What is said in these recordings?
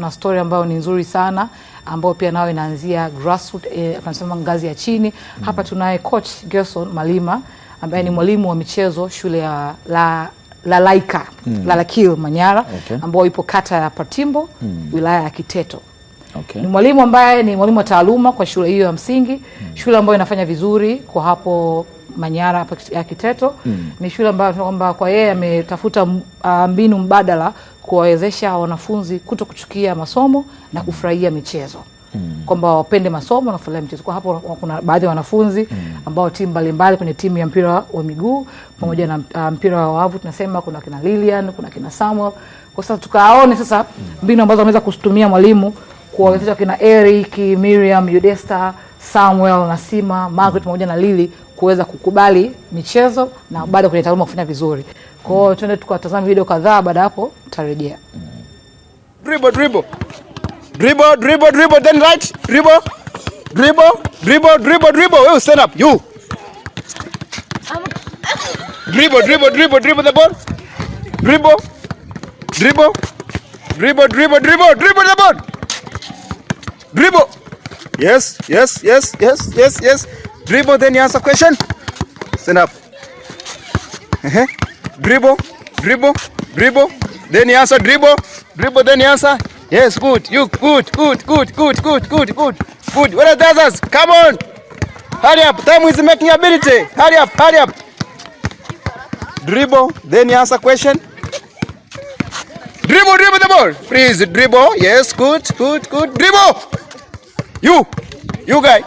tuna story ambayo ni nzuri sana ambayo pia nao inaanzia grassroots eh, tunasema ngazi ya chini mm. Hapa tunaye coach Gerson Malima ambaye ni mwalimu wa michezo shule ya la Lalaika mm. Lalakil Manyara okay. ambao ipo kata ya Patimbo mm. wilaya ya Kiteto okay. Ni mwalimu ambaye ni mwalimu wa taaluma kwa shule hiyo ya msingi mm. shule ambayo inafanya vizuri kwa hapo Manyara hapa ya Kiteto mm. Ni shule ambayo tunaona kwamba kwa yeye ametafuta ah, mbinu mbadala kuwawezesha wanafunzi kuto kuchukia masomo na hmm. kufurahia michezo mm. Kwamba wapende masomo na kufurahia michezo. Kwa hapo kuna baadhi ya wanafunzi mm. ambao timu mbalimbali kwenye timu ya mpira wa miguu pamoja mm. na ah, mpira wa wavu tunasema kuna kina Lilian, kuna kina Samuel. Kwa sasa tukaone sasa hmm. mbinu ambazo ameweza kuzitumia mwalimu kuwawezesha kina Eric, Miriam, Yudesta Samuel na Sima, Margaret pamoja na Lili kuweza kukubali michezo na baada kwenye taaluma kufanya vizuri. Kwa hiyo twende tukatazame video kadhaa, baada hapo tutarejea. Dribble dribble. Dribble dribble dribble then right. Dribble. Dribble dribble dribble dribble. Wewe stand up. You. Dribble dribble dribble dribble the ball. Dribble. Dribble. Dribble dribble dribble dribble the ball. Dribble. Yes, yes, yes, yes, yes, yes. Dribble, then you answer question. Stand up. Uh -huh. Dribble, dribble, dribble. Then you answer dribble, dribble, then you answer. Yes, good. You good, good, good, good, good, good, good, good. What are the others? Come on. Hurry up. Time is making ability. Hurry up, hurry up. Dribble, then you answer question. Dribble, dribble the ball. Please dribble. Yes, good, good, good. Dribble. You, you guy.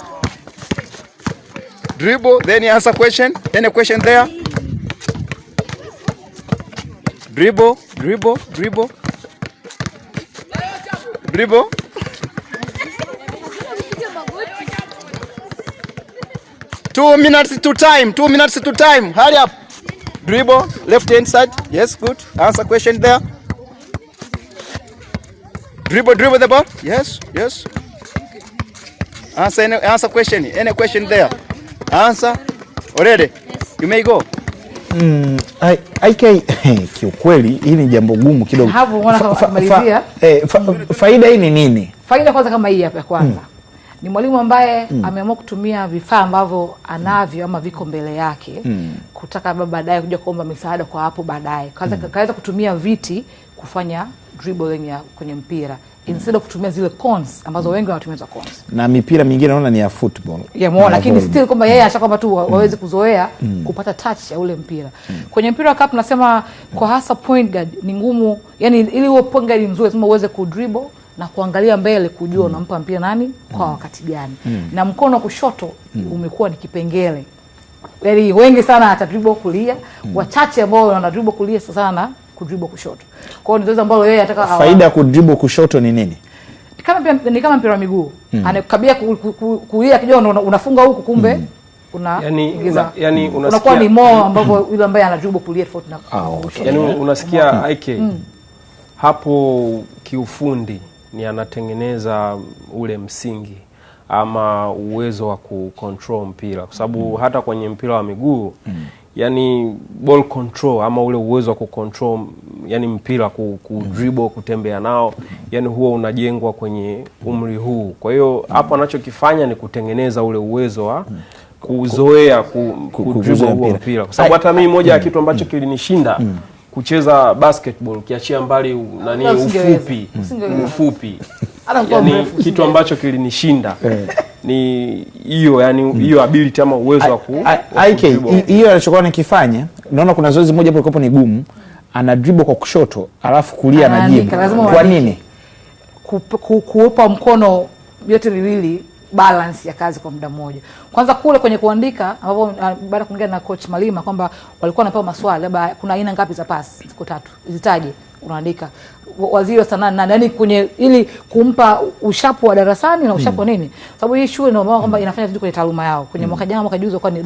Dribble, then you answer question. Any question there? Dribble, dribble, dribble. Dribble. Two minutes to time. Two minutes to time. Hurry up. Dribble, left hand side. Yes, good. Answer question there. Dribble, dribble the ball. Yes, yes. Answer any, answer question. Any question there? Answer. Already. Yes. You may go. Mm, I, IK kiukweli hii ni jambo gumu kidogo. Hapo unaona kama kumalizia. Eh, fa, faida hii ni nini? Faida kwanza kama hii hapa ya kwanza. Mm. Ni mwalimu ambaye mm. ameamua kutumia vifaa ambavyo anavyo ama viko mbele yake mm. kutaka baba baadaye kuja kuomba misaada kwa hapo baadaye. Kaweza mm. kutumia viti kufanya dribbling ya kwenye mpira instead of kutumia zile cones ambazo wengi wanatumia za cones. Na mipira mingine naona ni ya football. Yeah, mwa, lakini still kwamba yeye mm. acha kwamba tu mm. waweze kuzoea mm. kupata touch ya ule mpira. Kwenye mpira wa cup nasema kwa hasa point guard ni ngumu, yani ili uwe point guard nzuri lazima uweze ku dribble na kuangalia mbele kujua unampa mpira nani kwa wakati gani. Na mkono wa kushoto umekuwa ni kipengele. Yaani wengi sana atadribble kulia, wachache ambao wanadribble kulia sana kudribble kushoto. Kwa hiyo ni zoezi ambalo yeye anataka faida ya kudribble kushoto ni nini? Kama ni kama mpira wa miguu mm. anakabia kulia kijua unafunga huku kumbe mm. Una, yani, una, yani hmm. unasikia unakuwa ni more hmm. ambapo yule ambaye anajaribu kulia tofauti na ah, okay. Yani unasikia IK mm. Hmm. hapo kiufundi ni anatengeneza ule msingi ama uwezo wa kucontrol mpira kwa sababu mm. hata kwenye mpira wa miguu mm yani ball control ama ule uwezo wa kucontrol yani mpira ku, ku dribble kutembea nao yani huwa unajengwa kwenye umri huu. Kwa hiyo hapo anachokifanya ni kutengeneza ule uwezo wa kuzoea kudribble huo mpira, kwa sababu hata mimi moja ya kitu ambacho kilinishinda mm. kucheza basketball kiachia mbali nani ufupi ufupi, yani kitu ambacho kilinishinda eh ni hiyo yani hmm. hiyo mm. ability ama uwezo wa ku hiyo alichokuwa nikifanya. Naona kuna zoezi moja hapo ilikuwa ni gumu, ana dribble kwa kushoto alafu kulia jibu. Kwa nini kuupa mkono yote miwili balance ya kazi kwa muda mmoja. Kwanza kule kwenye kuandika ambapo uh, baada ya kuongea na coach Malima kwamba walikuwa wanapewa maswali labda kuna aina ngapi za pasi, siku tatu zitaje, unaandika waziri wa sanaa na nani yaani kwenye ili kumpa ushapu wa darasani na ushapu wa mm. nini, sababu hii shule ndio kwamba mm. inafanya vitu kwenye taaluma yao. Kwenye mm. mwaka jana mwaka juzi kwa ni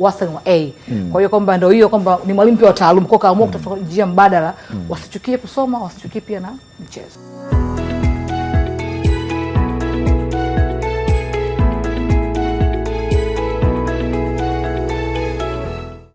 wastani wa A, kwa hiyo kwamba ndio hiyo kwamba ni mwalimu pia wa taaluma, kwa kaamua kutafuta njia mbadala, wasichukie kusoma, wasichukie pia na mchezo.